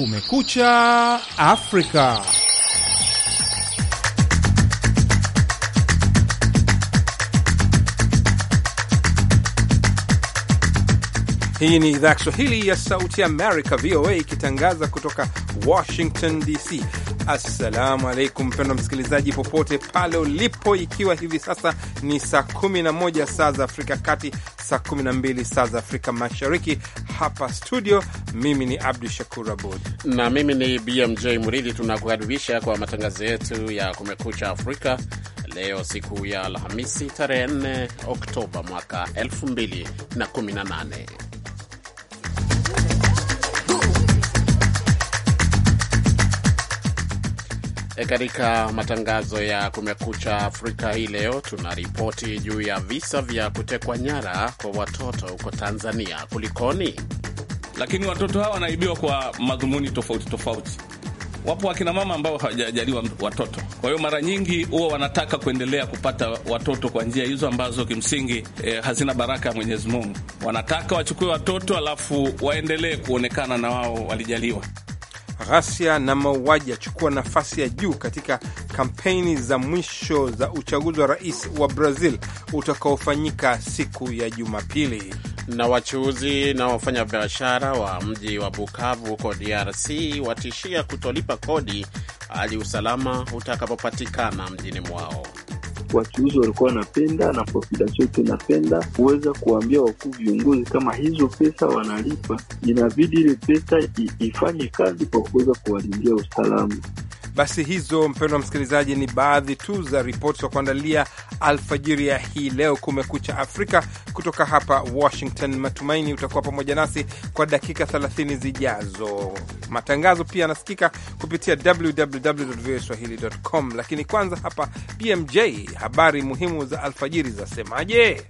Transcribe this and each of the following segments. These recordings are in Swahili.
Kumekucha Afrika. Hii ni idhaa ya Kiswahili ya Sauti ya Amerika, VOA, ikitangaza kutoka Washington DC. Assalamu alaikum, mpendwa msikilizaji, popote pale ulipo, ikiwa hivi sasa ni saa 11 saa za Afrika kati saa 12 saa za Afrika Mashariki. Hapa studio, mimi ni Abdu Shakur Abud na mimi ni BMJ Mridhi. Tunakukaribisha kwa matangazo yetu ya Kumekucha Afrika leo siku ya Alhamisi tarehe 4 Oktoba mwaka 2018. E, katika matangazo ya Kumekucha Afrika hii leo tunaripoti juu ya visa vya kutekwa nyara kwa watoto huko Tanzania. Kulikoni? Lakini watoto hawa wanaibiwa kwa madhumuni tofauti tofauti. Wapo wakina mama ambao hawajajaliwa watoto, kwa hiyo mara nyingi huwa wanataka kuendelea kupata watoto kwa njia hizo ambazo kimsingi eh, hazina baraka ya Mwenyezi Mungu. Wanataka wachukue watoto alafu waendelee kuonekana na wao walijaliwa ghasia na mauaji yachukua nafasi ya juu katika kampeni za mwisho za uchaguzi wa rais wa Brazil utakaofanyika siku ya Jumapili. Na wachuuzi na wafanyabiashara wa mji wa Bukavu huko DRC watishia kutolipa kodi hadi usalama utakapopatikana mjini mwao wachuuzi walikuwa wanapenda na population chote inapenda kuweza kuambia wakuu viongozi kama hizo pesa wanalipa, inabidi ile pesa ifanye kazi kwa kuweza kuwalindia usalama. Basi hizo, mpendwa msikilizaji, ni baadhi tu za ripoti za kuandalia alfajiri ya hii leo, Kumekucha Afrika, kutoka hapa Washington. Matumaini utakuwa pamoja nasi kwa dakika 30 zijazo. Matangazo pia yanasikika kupitia www.voaswahili.com, lakini kwanza hapa BMJ, habari muhimu za alfajiri zasemaje?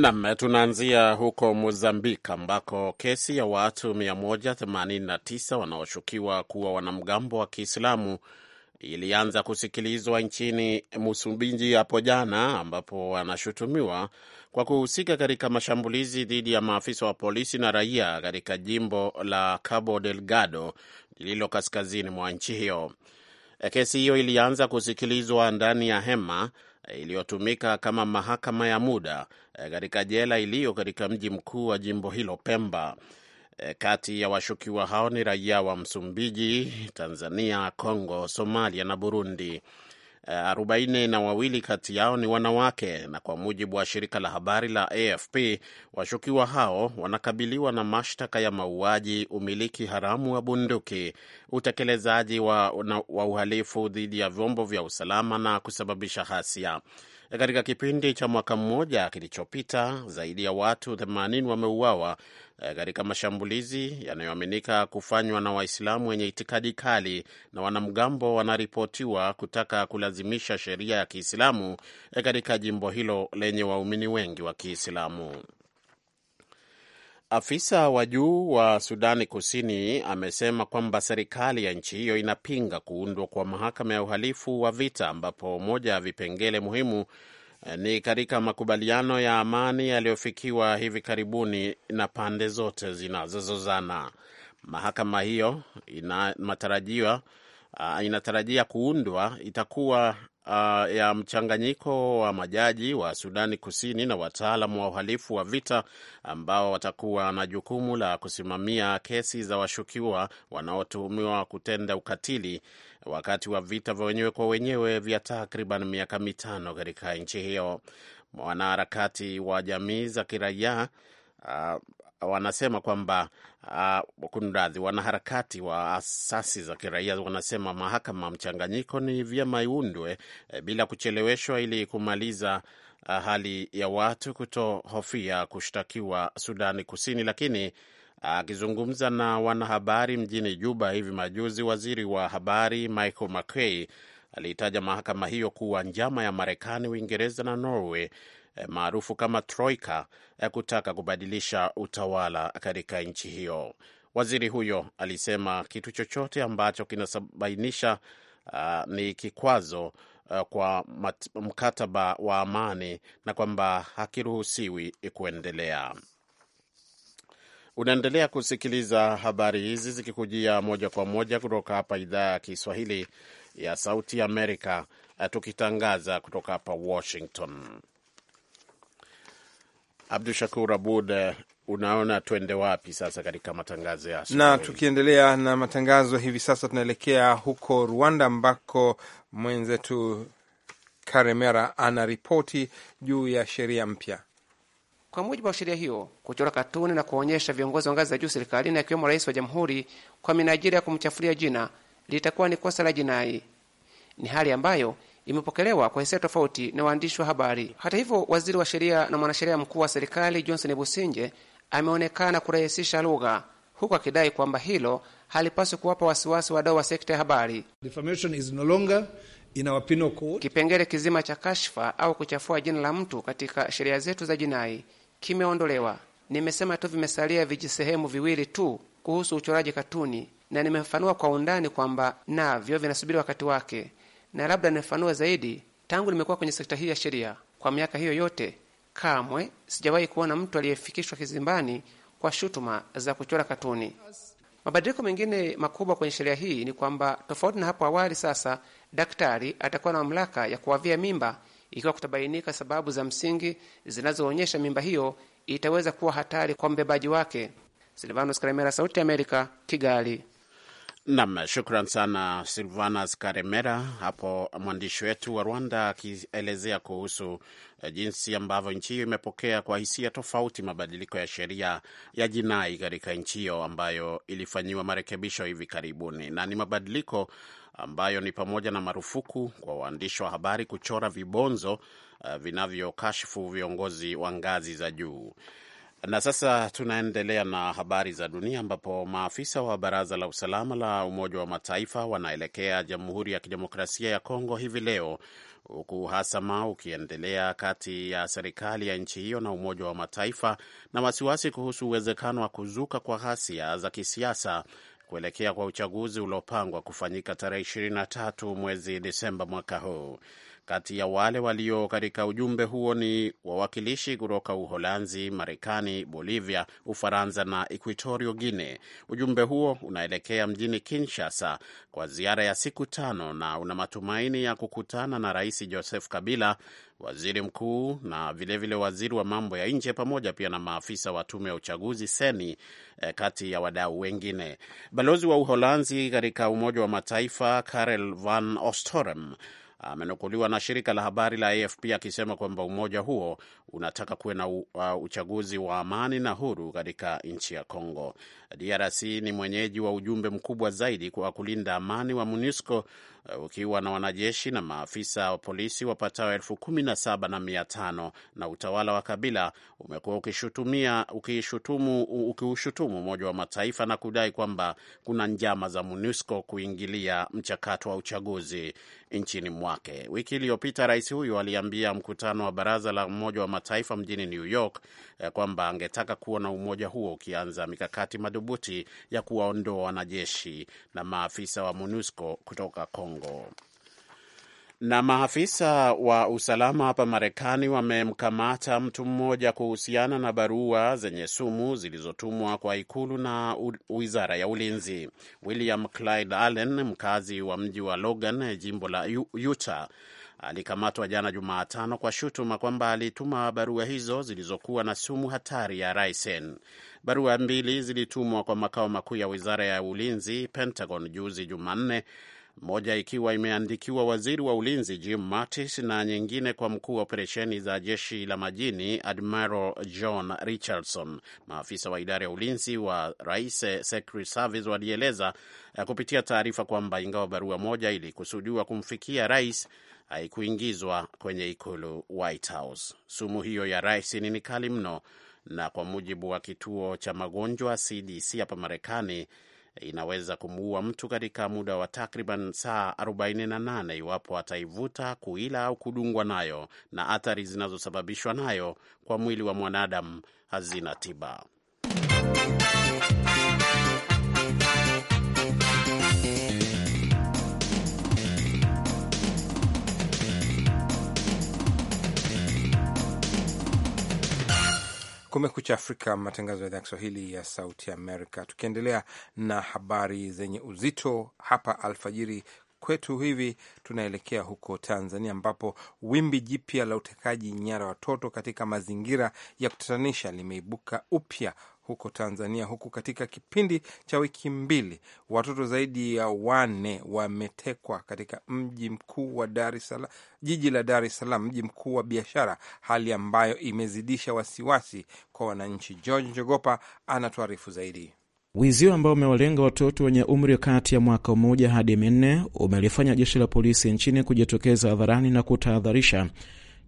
Nam, tunaanzia huko Mozambiki ambako kesi ya watu 189 wanaoshukiwa kuwa wanamgambo wa Kiislamu ilianza kusikilizwa nchini Msumbiji hapo jana, ambapo wanashutumiwa kwa kuhusika katika mashambulizi dhidi ya maafisa wa polisi na raia katika jimbo la Cabo Delgado lililo kaskazini mwa nchi hiyo. Kesi hiyo ilianza kusikilizwa ndani ya hema iliyotumika kama mahakama ya muda eh, katika jela iliyo katika mji mkuu wa jimbo hilo Pemba. Eh, kati ya washukiwa hao ni raia wa Msumbiji, Tanzania, congo Somalia na Burundi arobaini na wawili kati yao ni wanawake, na kwa mujibu wa shirika la habari la AFP, washukiwa hao wanakabiliwa na mashtaka ya mauaji, umiliki haramu wa bunduki, utekelezaji wa, wa uhalifu dhidi ya vyombo vya usalama na kusababisha hasia. Katika kipindi cha mwaka mmoja kilichopita, zaidi ya watu 80 wameuawa e, katika mashambulizi yanayoaminika kufanywa na Waislamu wenye itikadi kali, na wanamgambo wanaripotiwa kutaka kulazimisha sheria ya Kiislamu e, katika jimbo hilo lenye waumini wengi wa Kiislamu. Afisa wa juu wa Sudani Kusini amesema kwamba serikali ya nchi hiyo inapinga kuundwa kwa mahakama ya uhalifu wa vita, ambapo moja ya vipengele muhimu eh, ni katika makubaliano ya amani yaliyofikiwa hivi karibuni na pande zote zinazozozana. Mahakama hiyo ina, matarajiwa, uh, inatarajia kuundwa itakuwa uh, ya mchanganyiko wa majaji wa Sudani Kusini na wataalamu wa uhalifu wa vita ambao watakuwa na jukumu la kusimamia kesi za washukiwa wanaotuhumiwa kutenda ukatili wakati wa vita vya wenyewe kwa wenyewe vya takriban miaka mitano katika nchi hiyo. Mwanaharakati wa jamii za kiraia uh, wanasema kwamba uh, ah, kunradhi, wanaharakati wa asasi za kiraia wanasema mahakama mchanganyiko ni vyema iundwe eh, bila kucheleweshwa ili kumaliza uh, hali ya watu kutohofia kushtakiwa Sudani Kusini. Lakini ah, akizungumza uh, na wanahabari mjini Juba hivi majuzi, waziri wa habari Michael McKay aliitaja mahakama hiyo kuwa njama ya Marekani, Uingereza na Norway Eh, maarufu kama Troika eh, kutaka kubadilisha utawala katika nchi hiyo. Waziri huyo alisema kitu chochote ambacho kinabainisha uh, ah, ni kikwazo uh, kwa mat, mkataba wa amani na kwamba hakiruhusiwi kuendelea. Unaendelea kusikiliza habari hizi zikikujia moja kwa moja kutoka hapa idhaa ya Kiswahili ya Sauti ya Amerika, tukitangaza kutoka hapa Washington. Abdu Shakur Abud, eh, unaona twende wapi sasa katika matangazo ya na? Tukiendelea na matangazo hivi sasa, tunaelekea huko Rwanda ambako mwenzetu Karemera ana ripoti juu ya sheria mpya. Kwa mujibu wa sheria hiyo, kuchora katuni na kuonyesha viongozi wa ngazi za juu serikalini, akiwemo rais wa jamhuri, kwa minajili ya kumchafulia jina litakuwa ni kosa la jinai. Ni hali ambayo imepokelewa kwa hisia tofauti na waandishi wa habari. Hata hivyo, waziri wa sheria na mwanasheria mkuu wa serikali Johnson Businje ameonekana kurahisisha lugha, huku akidai kwamba hilo halipaswi kuwapa wasiwasi wadau wa sekta ya habari. Kipengele kizima cha kashfa au kuchafua jina la mtu katika sheria zetu za jinai kimeondolewa. Nimesema tu vimesalia vijisehemu viwili tu kuhusu uchoraji katuni, na nimefafanua kwa undani kwamba navyo vinasubiri wakati wake. Na labda nifafanue zaidi, tangu nimekuwa kwenye sekta hii ya sheria kwa miaka hiyo yote, kamwe sijawahi kuona mtu aliyefikishwa kizimbani kwa shutuma za kuchora katuni. Mabadiliko mengine makubwa kwenye sheria hii ni kwamba tofauti na hapo awali, sasa daktari atakuwa na mamlaka ya kuwavia mimba ikiwa kutabainika sababu za msingi zinazoonyesha mimba hiyo itaweza kuwa hatari kwa mbebaji wake. Silvanos Sauti ya Amerika, Kigali. Nam, shukran sana Silvanas Karemera, hapo mwandishi wetu wa Rwanda akielezea kuhusu eh, jinsi ambavyo nchi hiyo imepokea kwa hisia tofauti mabadiliko ya sheria ya jinai katika nchi hiyo ambayo ilifanyiwa marekebisho hivi karibuni, na ni mabadiliko ambayo ni pamoja na marufuku kwa waandishi wa habari kuchora vibonzo uh, eh, vinavyokashifu viongozi wa ngazi za juu. Na sasa tunaendelea na habari za dunia, ambapo maafisa wa baraza la usalama la Umoja wa Mataifa wanaelekea Jamhuri ya Kidemokrasia ya Kongo hivi leo, huku uhasama ukiendelea kati ya serikali ya nchi hiyo na Umoja wa Mataifa na wasiwasi kuhusu uwezekano wa kuzuka kwa ghasia za kisiasa kuelekea kwa uchaguzi uliopangwa kufanyika tarehe 23 mwezi Desemba mwaka huu. Kati ya wale walio katika ujumbe huo ni wawakilishi kutoka Uholanzi, Marekani, Bolivia, Ufaransa na Equatorio guine Ujumbe huo unaelekea mjini Kinshasa kwa ziara ya siku tano na una matumaini ya kukutana na Rais Joseph Kabila, waziri mkuu na vilevile vile waziri wa mambo ya nje, pamoja pia na maafisa wa tume ya uchaguzi seni, eh, kati ya wadau wengine. Balozi wa Uholanzi katika Umoja wa Mataifa Karel van Ostorem amenukuliwa na shirika la habari la AFP akisema kwamba umoja huo unataka kuwe na uh, uchaguzi wa amani na huru katika nchi ya congo DRC ni mwenyeji wa ujumbe mkubwa zaidi kwa kulinda amani wa MONUSCO Eh, ukiwa na wanajeshi na maafisa wa polisi wapatao elfu kumi na saba na mia tano na utawala wa Kabila umekuwa ukishutumia ukishutumu ukiushutumu Umoja wa Mataifa na kudai kwamba kuna njama za MONUSCO kuingilia mchakato wa uchaguzi nchini mwake. Wiki iliyopita rais huyu aliambia mkutano wa baraza la Umoja wa Mataifa mjini New York eh, kwamba angetaka kuona umoja huo ukianza mikakati madhubuti ya kuwaondoa wanajeshi na maafisa wa MONUSCO kutoka Kongo. Kongo. Na maafisa wa usalama hapa Marekani wamemkamata mtu mmoja kuhusiana na barua zenye sumu zilizotumwa kwa ikulu na wizara ya ulinzi. William Clyde Allen, mkazi wa mji wa Logan, jimbo la Utah, alikamatwa jana Jumatano kwa shutuma kwamba alituma barua hizo zilizokuwa na sumu hatari ya ricin. Barua mbili zilitumwa kwa makao makuu ya wizara ya ulinzi, Pentagon, juzi Jumanne moja ikiwa imeandikiwa waziri wa ulinzi Jim Mattis na nyingine kwa mkuu wa operesheni za jeshi la majini Admiral John Richardson. Maafisa wa idara ya ulinzi wa rais Secret Service walieleza eh, kupitia taarifa kwamba ingawa barua moja ilikusudiwa kumfikia rais haikuingizwa kwenye ikulu White House. Sumu hiyo ya rais ni kali mno, na kwa mujibu wa kituo cha magonjwa CDC hapa Marekani inaweza kumuua mtu katika muda wa takriban saa 48 iwapo ataivuta, kuila au kudungwa nayo, na athari zinazosababishwa nayo kwa mwili wa mwanadamu hazina tiba. Kumekucha Afrika, matangazo ya idhaa ya Kiswahili ya Sauti Amerika. Tukiendelea na habari zenye uzito hapa alfajiri kwetu hivi, tunaelekea huko Tanzania ambapo wimbi jipya la utekaji nyara watoto katika mazingira ya kutatanisha limeibuka upya huko Tanzania, huku katika kipindi cha wiki mbili watoto zaidi ya wanne wametekwa katika mji mkuu wa Dar es Salaam, jiji la Dar es Salaam, mji mkuu wa biashara, hali ambayo imezidisha wasiwasi kwa wananchi. George Njogopa anatuarifu zaidi. Wizi ambao umewalenga watoto wenye umri kati ya mwaka mmoja hadi minne umelifanya jeshi la polisi nchini kujitokeza hadharani na kutahadharisha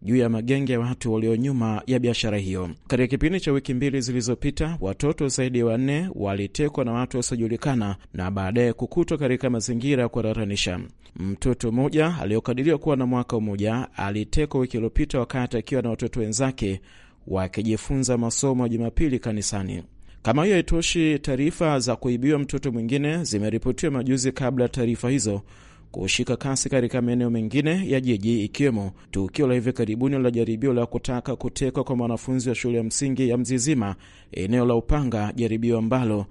juu ya magenge ya watu walio nyuma ya biashara hiyo. Katika kipindi cha wiki mbili zilizopita, watoto zaidi ya wanne walitekwa na watu wasiojulikana na baadaye kukutwa katika mazingira ya kurataranisha. Mtoto mmoja aliyokadiriwa kuwa na mwaka mmoja alitekwa wiki iliyopita wakati akiwa na watoto wenzake wakijifunza masomo ya Jumapili kanisani. Kama hiyo haitoshi, taarifa za kuibiwa mtoto mwingine zimeripotiwa majuzi kabla ya taarifa hizo kushika kasi katika maeneo mengine ya jiji ikiwemo tukio la hivi karibuni la jaribio la kutaka kutekwa kwa mwanafunzi wa shule ya msingi ya Mzizima eneo la Upanga, jaribio ambalo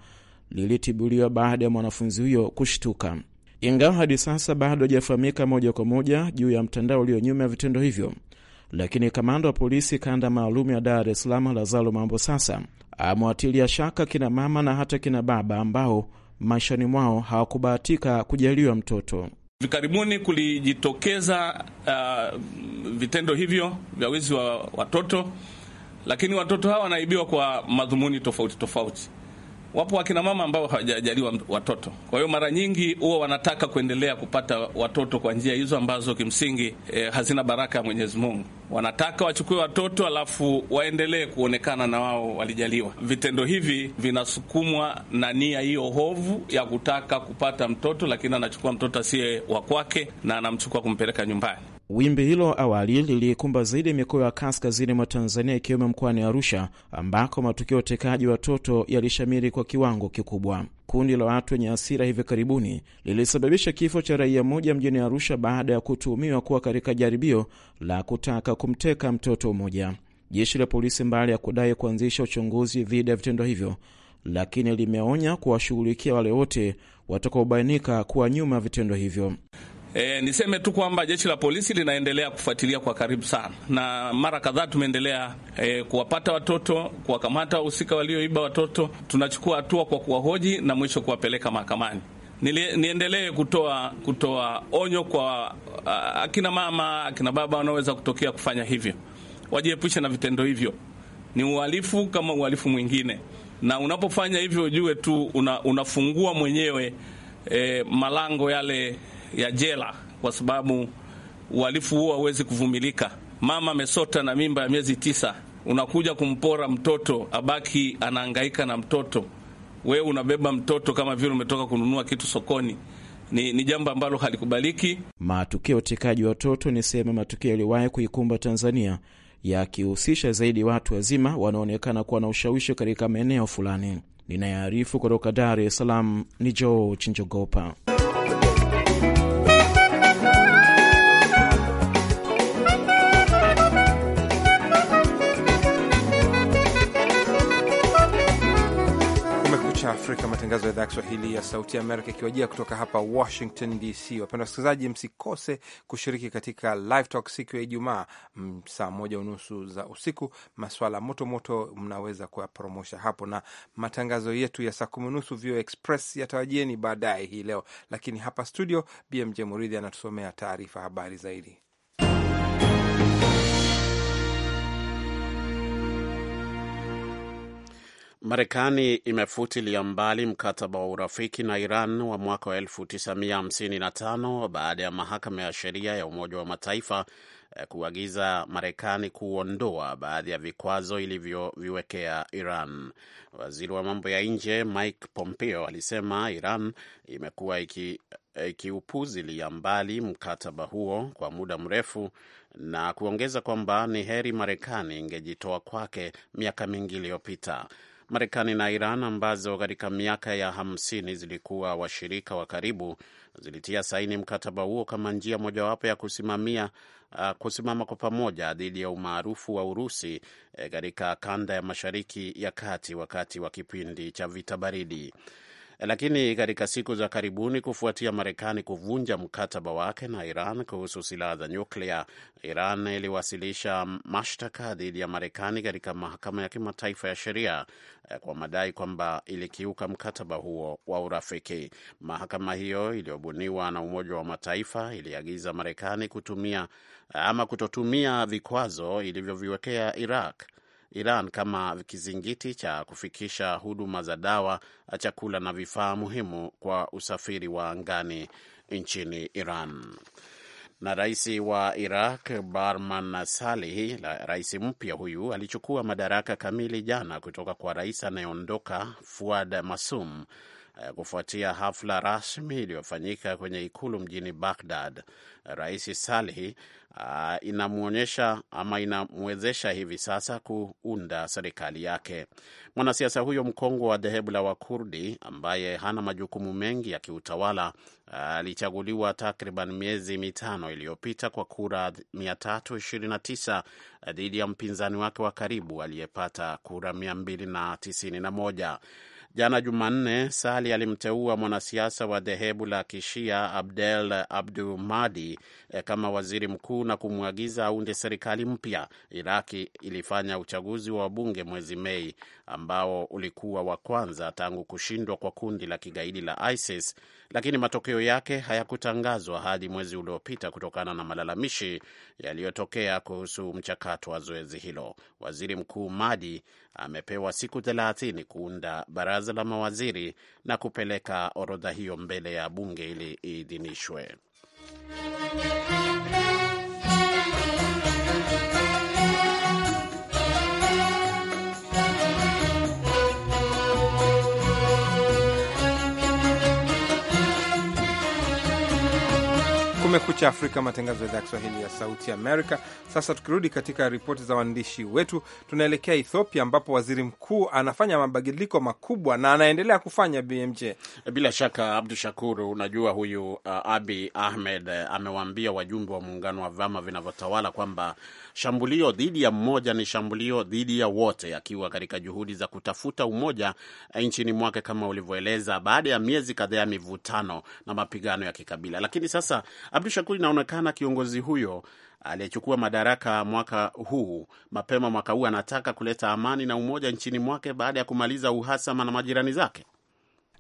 lilitibuliwa baada ya mwanafunzi huyo kushtuka, ingawa hadi sasa bado hajafahamika moja kwa moja juu ya mtandao ulio nyuma ya vitendo hivyo. Lakini kamanda wa polisi kanda maalum ya Dar es Salaam Lazaro Mambo sasa amewatilia shaka kina mama na hata kina baba ambao maishani mwao hawakubahatika kujaliwa mtoto. Hivi karibuni kulijitokeza uh, vitendo hivyo vya wizi wa watoto, lakini watoto hawa wanaibiwa kwa madhumuni tofauti tofauti wapo wakina mama ambao hawajajaliwa watoto. Kwa hiyo mara nyingi huwa wanataka kuendelea kupata watoto kwa njia hizo ambazo kimsingi eh, hazina baraka ya Mwenyezi Mungu. Wanataka wachukue watoto alafu waendelee kuonekana na wao walijaliwa. Vitendo hivi vinasukumwa na nia hiyo hovu ya kutaka kupata mtoto, lakini anachukua mtoto asiye wa kwake na anamchukua kumpeleka nyumbani. Wimbi hilo awali liliikumba zaidi mikoa ya kaskazini mwa Tanzania ikiwemo mkoani Arusha ambako matukio ya utekaji watoto yalishamiri kwa kiwango kikubwa. Kundi la watu wenye hasira hivi karibuni lilisababisha kifo cha raia mmoja mjini Arusha baada ya kutuhumiwa kuwa katika jaribio la kutaka kumteka mtoto mmoja. Jeshi la polisi, mbali ya kudai kuanzisha uchunguzi dhidi ya vitendo hivyo, lakini limeonya kuwashughulikia wale wote watakaobainika kuwa nyuma ya vitendo hivyo. E, niseme tu kwamba jeshi la polisi linaendelea kufuatilia kwa karibu sana, na mara kadhaa tumeendelea e, kuwapata watoto, kuwakamata wahusika walioiba watoto. Tunachukua hatua kwa kuwahoji na mwisho kuwapeleka mahakamani. Niendelee kutoa kutoa onyo kwa uh, akina mama, akina baba wanaoweza kutokea kufanya hivyo, wajiepushe na vitendo hivyo. Ni uhalifu kama uhalifu mwingine, na unapofanya hivyo ujue tu una, unafungua mwenyewe e, malango yale ya jela kwa sababu uhalifu huo hawezi kuvumilika. Mama amesota na mimba ya miezi tisa, unakuja kumpora mtoto, abaki anaangaika na mtoto, wewe unabeba mtoto kama vile umetoka kununua kitu sokoni. Ni, ni jambo ambalo halikubaliki. Matukio ya utekaji wa watoto ni sehemu ya matukio yaliyowahi kuikumba Tanzania, yakihusisha zaidi watu wazima wanaonekana kuwa na ushawishi katika maeneo fulani. Ninayearifu kutoka Dar es Salaam ni George Chinjogopa. Afrika, matangazo ya idhaa ya Kiswahili ya Sauti ya Amerika ikiwajia kutoka hapa Washington DC. Wapenda wasikilizaji, msikose kushiriki katika Live Talk siku ya Ijumaa saa moja unusu za usiku. Maswala motomoto mnaweza kuyapromosha hapo, na matangazo yetu ya saa kumi unusu VOA Express yatawajieni baadaye hii leo, lakini hapa studio BMJ Muridhi anatusomea taarifa habari zaidi. Marekani imefutilia mbali mkataba wa urafiki na Iran wa mwaka wa 1955 baada ya mahakama ya sheria ya Umoja wa Mataifa eh, kuagiza Marekani kuondoa baadhi ya vikwazo ilivyoviwekea Iran. Waziri wa mambo ya nje Mike Pompeo alisema Iran imekuwa iki eh, ikiupuzilia mbali mkataba huo kwa muda mrefu na kuongeza kwamba ni heri Marekani ingejitoa kwake miaka mingi iliyopita. Marekani na Iran ambazo katika miaka ya hamsini zilikuwa washirika wa karibu zilitia saini mkataba huo kama njia mojawapo ya kusimamia uh, kusimama kwa pamoja dhidi ya umaarufu wa Urusi eh, katika eh, kanda ya Mashariki ya Kati wakati wa kipindi cha vita baridi lakini katika siku za karibuni, kufuatia Marekani kuvunja mkataba wake na Iran kuhusu silaha za nyuklia, Iran iliwasilisha mashtaka dhidi ya Marekani katika mahakama ya kimataifa ya sheria eh, kwa madai kwamba ilikiuka mkataba huo wa urafiki. Mahakama hiyo iliyobuniwa na Umoja wa Mataifa iliagiza Marekani kutumia ama kutotumia vikwazo ilivyoviwekea Iraq Iran kama kizingiti cha kufikisha huduma za dawa, chakula na vifaa muhimu kwa usafiri wa angani nchini Iran. Na rais wa Iraq Barman salih rais mpya huyu alichukua madaraka kamili jana kutoka kwa rais anayeondoka Fuad Masum Eh, kufuatia hafla rasmi iliyofanyika kwenye ikulu mjini Baghdad. Rais Salhi uh, eh, inamwonyesha ama inamwezesha hivi sasa kuunda serikali yake. Mwanasiasa huyo mkongwe wa dhehebu la Wakurdi ambaye hana majukumu mengi ya kiutawala eh, alichaguliwa uh, takriban miezi mitano iliyopita kwa kura 329 dhidi ya mpinzani wake wa karibu aliyepata kura 291. Jana Jumanne, Sali alimteua mwanasiasa wa dhehebu la Kishia Abdel Abdu Mahdi e, kama waziri mkuu na kumwagiza aunde serikali mpya. Iraki ilifanya uchaguzi wa wabunge mwezi Mei ambao ulikuwa wa kwanza tangu kushindwa kwa kundi la kigaidi la ISIS lakini matokeo yake hayakutangazwa hadi mwezi uliopita kutokana na malalamishi yaliyotokea kuhusu mchakato wa zoezi hilo. Waziri Mkuu Madi amepewa siku thelathini kuunda baraza la mawaziri na kupeleka orodha hiyo mbele ya bunge ili iidhinishwe. Kumekucha Afrika, matangazo ya idhaa ya Kiswahili ya Sauti Amerika. Sasa tukirudi katika ripoti za waandishi wetu, tunaelekea Ethiopia ambapo waziri mkuu anafanya mabadiliko makubwa na anaendelea kufanya BMJ. Bila shaka, Abdu Shakuru, unajua huyu uh, Abi Ahmed uh, amewaambia wajumbe wa muungano wa vyama vinavyotawala kwamba shambulio dhidi ya mmoja ni shambulio dhidi ya wote, akiwa katika juhudi za kutafuta umoja eh, nchini mwake, kama ulivyoeleza, baada ya miezi kadhaa ya mivutano na mapigano ya kikabila. Lakini sasa Abdu Shakur, inaonekana kiongozi huyo aliyechukua madaraka mwaka huu mapema mwaka huu anataka kuleta amani na umoja nchini mwake baada ya kumaliza uhasama na majirani zake.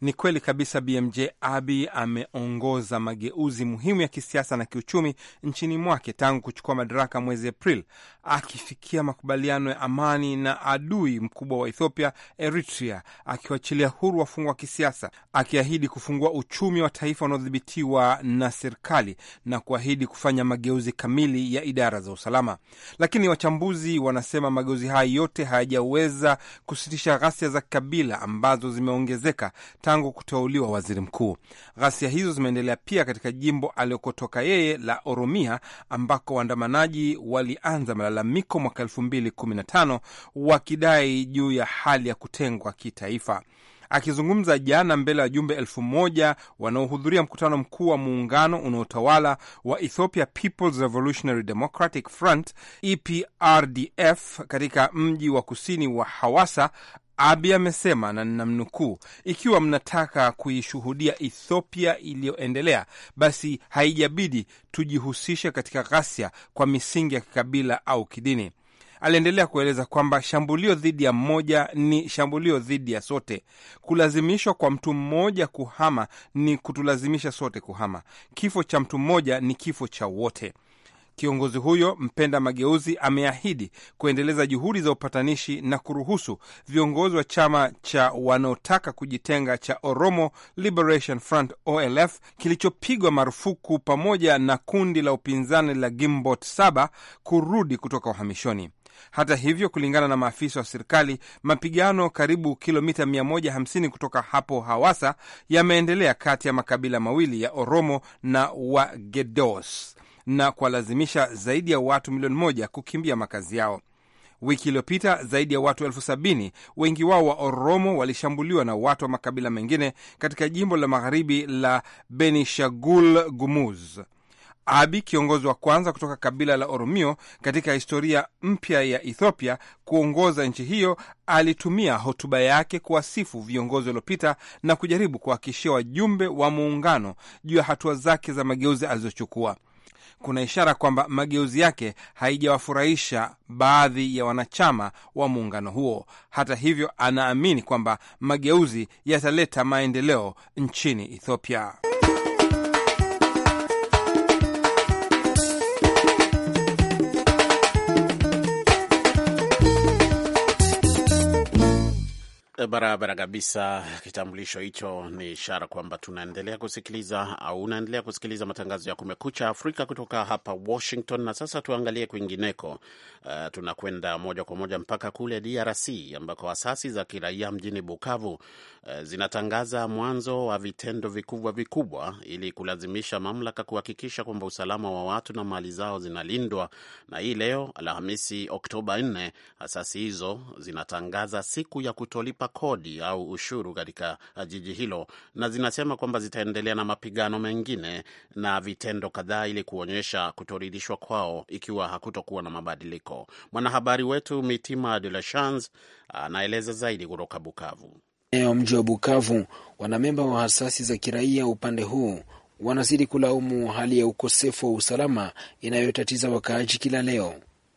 Ni kweli kabisa, BMJ Abi ameongoza mageuzi muhimu ya kisiasa na kiuchumi nchini mwake tangu kuchukua madaraka mwezi april akifikia makubaliano ya amani na adui mkubwa wa Ethiopia, Eritrea, akiwachilia huru wafungwa wa kisiasa, akiahidi kufungua uchumi wa taifa unaodhibitiwa na serikali na kuahidi kufanya mageuzi kamili ya idara za usalama. Lakini wachambuzi wanasema mageuzi haya yote hayajaweza kusitisha ghasia za kabila ambazo zimeongezeka tangu kuteuliwa waziri mkuu. Ghasia hizo zimeendelea pia katika jimbo aliokotoka yeye la Oromia, ambako waandamanaji walianza malalamiko mwaka 215 wakidai juu ya hali ya kutengwa kitaifa. Akizungumza jana mbele ya wajumbe elfu moja wanaohudhuria mkutano mkuu wa muungano unaotawala wa Ethiopia Peoples Revolutionary Democratic Front, EPRDF, katika mji wa kusini wa Hawassa, Abi amesema na ninamnukuu, ikiwa mnataka kuishuhudia Ethiopia iliyoendelea, basi haijabidi tujihusishe katika ghasia kwa misingi ya kikabila au kidini. Aliendelea kueleza kwamba shambulio dhidi ya mmoja ni shambulio dhidi ya sote. Kulazimishwa kwa mtu mmoja kuhama ni kutulazimisha sote kuhama. Kifo cha mtu mmoja ni kifo cha wote. Kiongozi huyo mpenda mageuzi ameahidi kuendeleza juhudi za upatanishi na kuruhusu viongozi wa chama cha wanaotaka kujitenga cha Oromo Liberation Front OLF kilichopigwa marufuku pamoja na kundi la upinzani la Gimbot Saba kurudi kutoka uhamishoni. Hata hivyo, kulingana na maafisa wa serikali, mapigano karibu kilomita 150 kutoka hapo Hawasa yameendelea kati ya makabila mawili ya Oromo na Wagedos na kuwalazimisha zaidi ya watu milioni moja kukimbia makazi yao. Wiki iliyopita zaidi ya watu elfu sabini wengi wao wa Oromo walishambuliwa na watu wa makabila mengine katika jimbo la magharibi la Benishagul Gumuz. Abi, kiongozi wa kwanza kutoka kabila la Oromio katika historia mpya ya Ethiopia kuongoza nchi hiyo, alitumia hotuba yake kuwasifu viongozi waliopita na kujaribu kuwahakikishia wajumbe wa muungano juu ya hatua zake za mageuzi alizochukua kuna ishara kwamba mageuzi yake haijawafurahisha baadhi ya wanachama wa muungano huo. Hata hivyo, anaamini kwamba mageuzi yataleta maendeleo nchini Ethiopia. Barabara kabisa. Kitambulisho hicho ni ishara kwamba tunaendelea kusikiliza au unaendelea kusikiliza matangazo ya Kumekucha Afrika kutoka hapa Washington. Na sasa tuangalie kwingineko. Uh, tunakwenda moja kwa moja mpaka kule DRC ambako asasi za kiraia mjini Bukavu uh, zinatangaza mwanzo wa vitendo vikubwa vikubwa ili kulazimisha mamlaka kuhakikisha kwamba usalama wa watu na mali zao zinalindwa. Na hii leo Alhamisi Oktoba 4 asasi hizo zinatangaza siku ya kutolipa kodi au ushuru katika uh, jiji hilo, na zinasema kwamba zitaendelea na mapigano mengine na vitendo kadhaa ili kuonyesha kutoridhishwa kwao ikiwa hakutokuwa na mabadiliko. Mwanahabari wetu Mitima De La Chance uh, anaeleza zaidi kutoka Bukavu. Eneo mji wa Bukavu, wanamemba wa hasasi za kiraia upande huu wanazidi kulaumu hali ya ukosefu wa usalama inayotatiza wakaaji kila leo.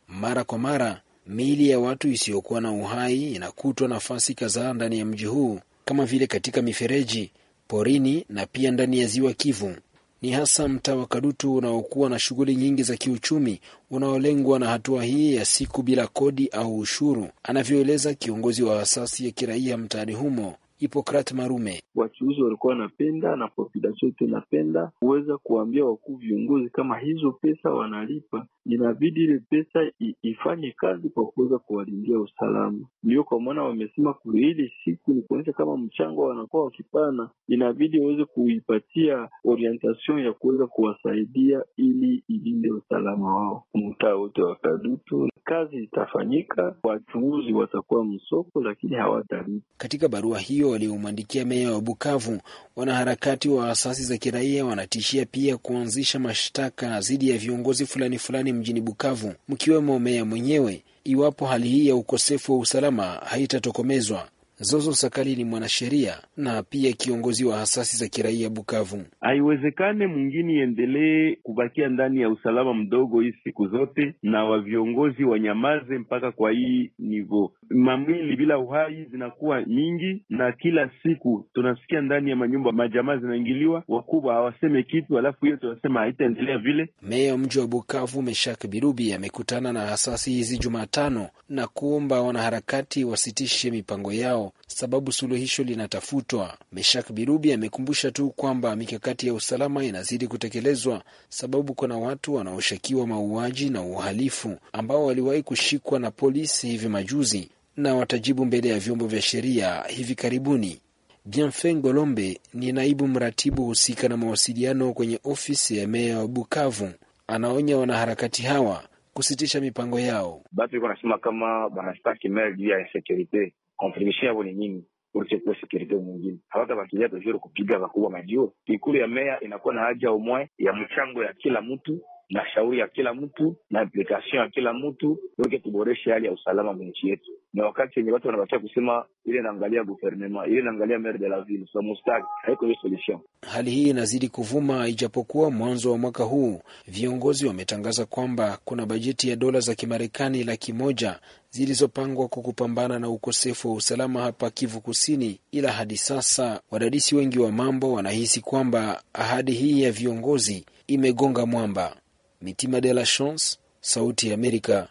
Mara kwa mara miili ya watu isiyokuwa na uhai inakutwa nafasi kadhaa ndani ya mji huu kama vile katika mifereji, porini na pia ndani ya ziwa Kivu. Ni hasa mtaa wa Kadutu unaokuwa na shughuli nyingi za kiuchumi unaolengwa na hatua hii ya siku bila kodi au ushuru, anavyoeleza kiongozi wa asasi ya kiraia mtaani humo Hipokrat Marume. Wachuuzi walikuwa wanapenda na populasion yote huweza kuweza kuwaambia wakuu viongozi kama hizo pesa wanalipa inabidi ile pesa ifanye kazi kwa kuweza kuwalindia usalama. Ndio kwa maana wamesema ile siku ni kuonyesha kama mchango wanakuwa wakipana, inabidi waweze kuipatia orientation ya kuweza kuwasaidia ili ilinde usalama wao mtaa wote wa Kadutu. Kazi itafanyika, wachuuzi watakuwa msoko, lakini hawatalipa. Katika barua hiyo waliomwandikia meya wa Bukavu, wanaharakati wa asasi za kiraia wanatishia pia kuanzisha mashtaka dhidi ya viongozi fulani fulani mjini Bukavu, mkiwemo meya mwenyewe, iwapo hali hii ya ukosefu wa usalama haitatokomezwa. Zozo Sakali ni mwanasheria na pia kiongozi wa hasasi za kiraia Bukavu. Haiwezekane mwingine iendelee kubakia ndani ya usalama mdogo hii siku zote, na wa viongozi wanyamaze mpaka kwa hii nivo. Mamwili bila uhai zinakuwa nyingi, na kila siku tunasikia ndani ya manyumba majamaa zinaingiliwa, wakubwa hawaseme kitu, alafu hiyo tunasema haitaendelea vile. Meya wa mji wa Bukavu Meshak Birubi amekutana na hasasi hizi Jumatano na kuomba wanaharakati wasitishe mipango yao sababu suluhisho linatafutwa. Meshak Birubi amekumbusha tu kwamba mikakati ya usalama inazidi kutekelezwa, sababu kuna watu wanaoshukiwa mauaji na uhalifu ambao waliwahi kushikwa na polisi hivi majuzi na watajibu mbele ya vyombo vya sheria hivi karibuni. Bienfait Ngolombe ni naibu mratibu husika na mawasiliano kwenye ofisi ya meya wa Bukavu. Anaonya wanaharakati hawa kusitisha mipango yao. Batu iko nasema kama banastaki mele juu ya insekurite contribution yao ni nyingi kuwa sekurite mwingine hawatabakilia tujuru kupiga vakubwa majio. Ikulu ya meya inakuwa na haja umwe ya mchango ya kila mtu na shauri ya kila mtu na implikation ya kila mtu yote, tuboreshe hali ya usalama mwenchi yetu. Na wakati yenye watu wanabatia kusema ile naangalia gouvernement ile naangalia maire de la ville so mustak haiko hiyo solution. Hali hii inazidi kuvuma, ijapokuwa mwanzo wa mwaka huu viongozi wametangaza kwamba kuna bajeti ya dola za Kimarekani laki moja zilizopangwa kwa kupambana na ukosefu wa usalama hapa Kivu Kusini, ila hadi sasa wadadisi wengi wa mambo wanahisi kwamba ahadi hii ya viongozi imegonga mwamba. Mitima de la Chance, Sauti ya Amerika,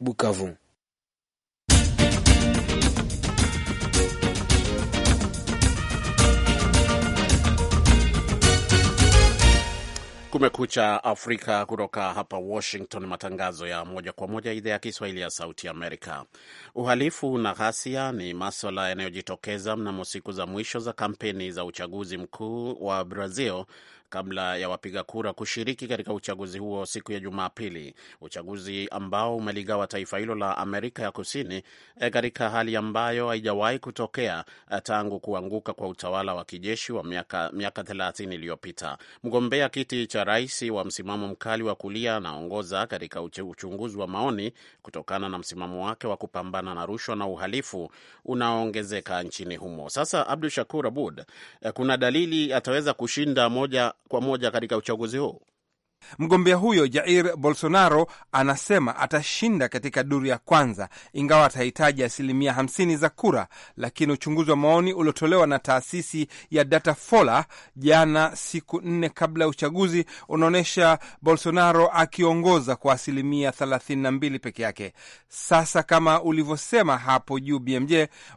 Bukavu. Kumekucha Afrika kutoka hapa Washington, matangazo ya moja kwa moja, idhaa ya Kiswahili ya Sauti Amerika. Uhalifu na ghasia ni maswala yanayojitokeza mnamo siku za mwisho za kampeni za uchaguzi mkuu wa Brazil kabla ya wapiga kura kushiriki katika uchaguzi huo siku ya Jumapili, uchaguzi ambao umeligawa taifa hilo la Amerika ya Kusini e, katika hali ambayo haijawahi kutokea e, tangu kuanguka kwa utawala wa kijeshi wa miaka, miaka 30 iliyopita. Mgombea kiti cha rais wa msimamo mkali wa kulia anaongoza katika uchunguzi wa maoni kutokana na msimamo wake wa kupambana na rushwa na uhalifu unaoongezeka nchini humo. Sasa Abdu Shakur Abud, e, kuna dalili ataweza kushinda moja kwa moja katika uchaguzi huu? Mgombea huyo Jair Bolsonaro anasema atashinda katika duru ya kwanza, ingawa atahitaji asilimia 50 za kura, lakini uchunguzi wa maoni uliotolewa na taasisi ya fola jana, siku nne kabla ya uchaguzi, unaonyesha Bolsonaro akiongoza kwa asilimia 32 peke yake. Sasa kama ulivyosema hapo juu, BMJ,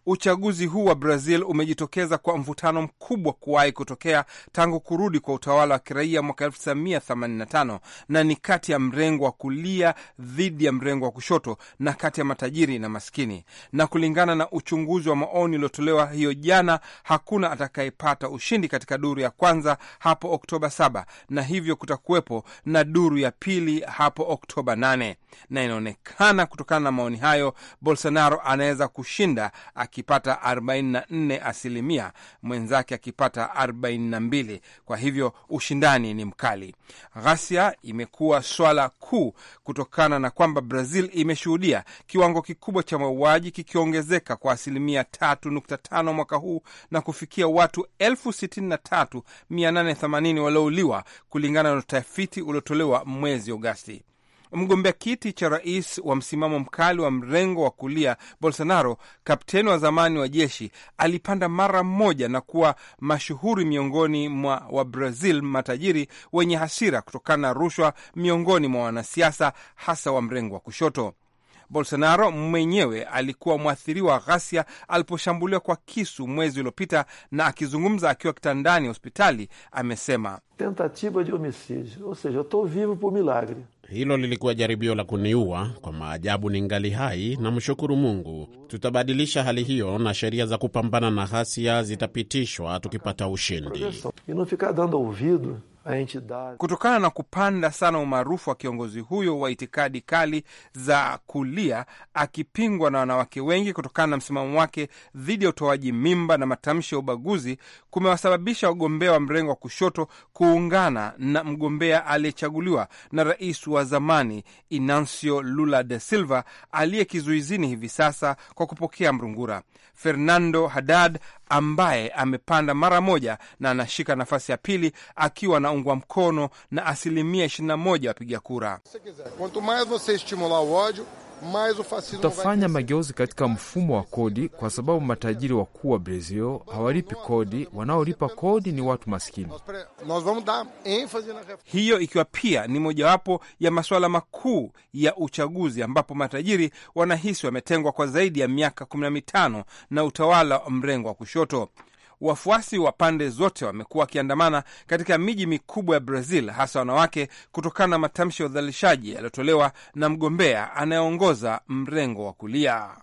uchaguzi huu wa Brazil umejitokeza kwa mvutano mkubwa kuwahi kutokea tangu kurudi kwa utawala wa kiraia mwaka 1980 tano na ni kati ya mrengo wa kulia dhidi ya mrengo wa kushoto na kati ya matajiri na maskini. Na kulingana na uchunguzi wa maoni uliotolewa hiyo jana, hakuna atakayepata ushindi katika duru ya kwanza hapo Oktoba 7 na hivyo kutakuwepo na duru ya pili hapo Oktoba 8 na inaonekana kutokana na maoni hayo Bolsonaro anaweza kushinda akipata 44 asilimia, mwenzake akipata 42. Kwa hivyo ushindani ni mkali. Ghasia imekuwa swala kuu kutokana na kwamba Brazil imeshuhudia kiwango kikubwa cha mauaji kikiongezeka kwa asilimia 3.5 mwaka huu na kufikia watu 63880 waliouliwa kulingana na utafiti uliotolewa mwezi Agosti. Mgombea kiti cha rais wa msimamo mkali wa mrengo wa kulia Bolsonaro, kapteni wa zamani wa jeshi, alipanda mara moja na kuwa mashuhuri miongoni mwa Wabrazil matajiri wenye hasira kutokana na rushwa miongoni mwa wanasiasa, hasa wa mrengo wa kushoto. Bolsonaro mwenyewe alikuwa mwathiriwa wa ghasia aliposhambuliwa kwa kisu mwezi uliopita, na akizungumza akiwa kitandani hospitali amesema, tentativa de homicídio ou seja eu estou vivo por milagre hilo lilikuwa jaribio la kuniua. Kwa maajabu ningali hai, namshukuru Mungu. Tutabadilisha hali hiyo na sheria za kupambana na ghasia zitapitishwa tukipata ushindi. Kutokana na kupanda sana umaarufu wa kiongozi huyo wa itikadi kali za kulia, akipingwa na wanawake wengi kutokana na msimamo wake dhidi ya utoaji mimba na matamshi ya ubaguzi, kumewasababisha wagombea wa mrengo wa kushoto kuungana na mgombea aliyechaguliwa na rais wa zamani Inancio Lula de Silva aliye kizuizini hivi sasa kwa kupokea mrungura. Fernando Haddad ambaye amepanda mara moja na anashika nafasi ya pili akiwa anaungwa mkono na asilimia 21 wapiga kura. Tutafanya mageuzi katika mfumo wa kodi, kwa sababu matajiri wakuu wa Brazil hawalipi kodi, wanaolipa kodi ni watu maskini. Hiyo ikiwa pia ni mojawapo ya masuala makuu ya uchaguzi, ambapo matajiri wanahisi wametengwa kwa zaidi ya miaka 15 na utawala wa mrengo wa kushoto. Wafuasi wa pande zote wamekuwa wakiandamana katika miji mikubwa ya Brazil, hasa wanawake, kutokana na matamshi ya udhalilishaji yaliyotolewa na mgombea anayeongoza mrengo wa kulia.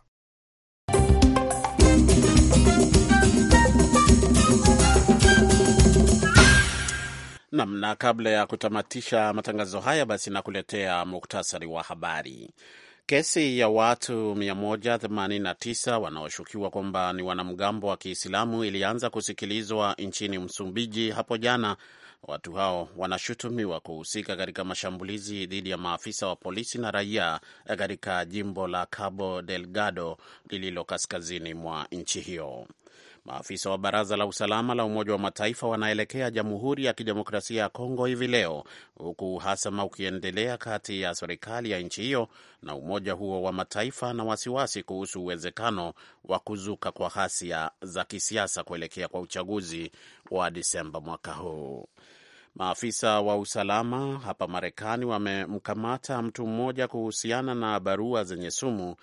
Nam, na kabla ya kutamatisha matangazo haya, basi nakuletea muktasari wa habari. Kesi ya watu 189 wanaoshukiwa kwamba ni wanamgambo wa Kiislamu ilianza kusikilizwa nchini Msumbiji hapo jana. Watu hao wanashutumiwa kuhusika katika mashambulizi dhidi ya maafisa wa polisi na raia katika jimbo la Cabo Delgado lililo kaskazini mwa nchi hiyo. Maafisa wa baraza la usalama la Umoja wa Mataifa wanaelekea Jamhuri ya Kidemokrasia ya Kongo hivi leo, huku uhasama ukiendelea kati ya serikali ya nchi hiyo na umoja huo wa Mataifa na wasiwasi kuhusu uwezekano wa kuzuka kwa ghasia za kisiasa kuelekea kwa uchaguzi wa Disemba mwaka huu. Maafisa wa usalama hapa Marekani wamemkamata mtu mmoja kuhusiana na barua zenye sumu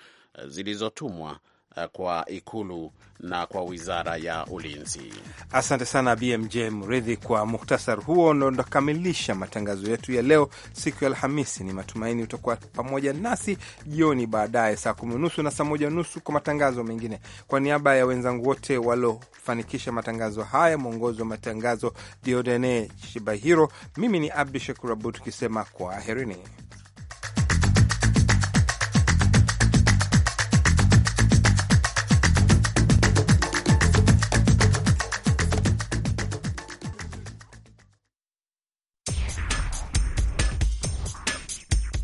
zilizotumwa Eh, kwa Ikulu na kwa wizara ya ulinzi. Asante sana BMJ Mridhi kwa muhtasari huo. Ndo matangazo yetu ya leo, siku ya Alhamisi. Ni matumaini utakuwa pamoja nasi jioni baadaye saa kumi unusu na saa moja nusu kwa matangazo mengine. Kwa niaba ya wenzangu wote waliofanikisha matangazo haya, mwongozi wa matangazo Diodene Shibahiro, mimi ni Abdu Shakur Abud tukisema kwaherini.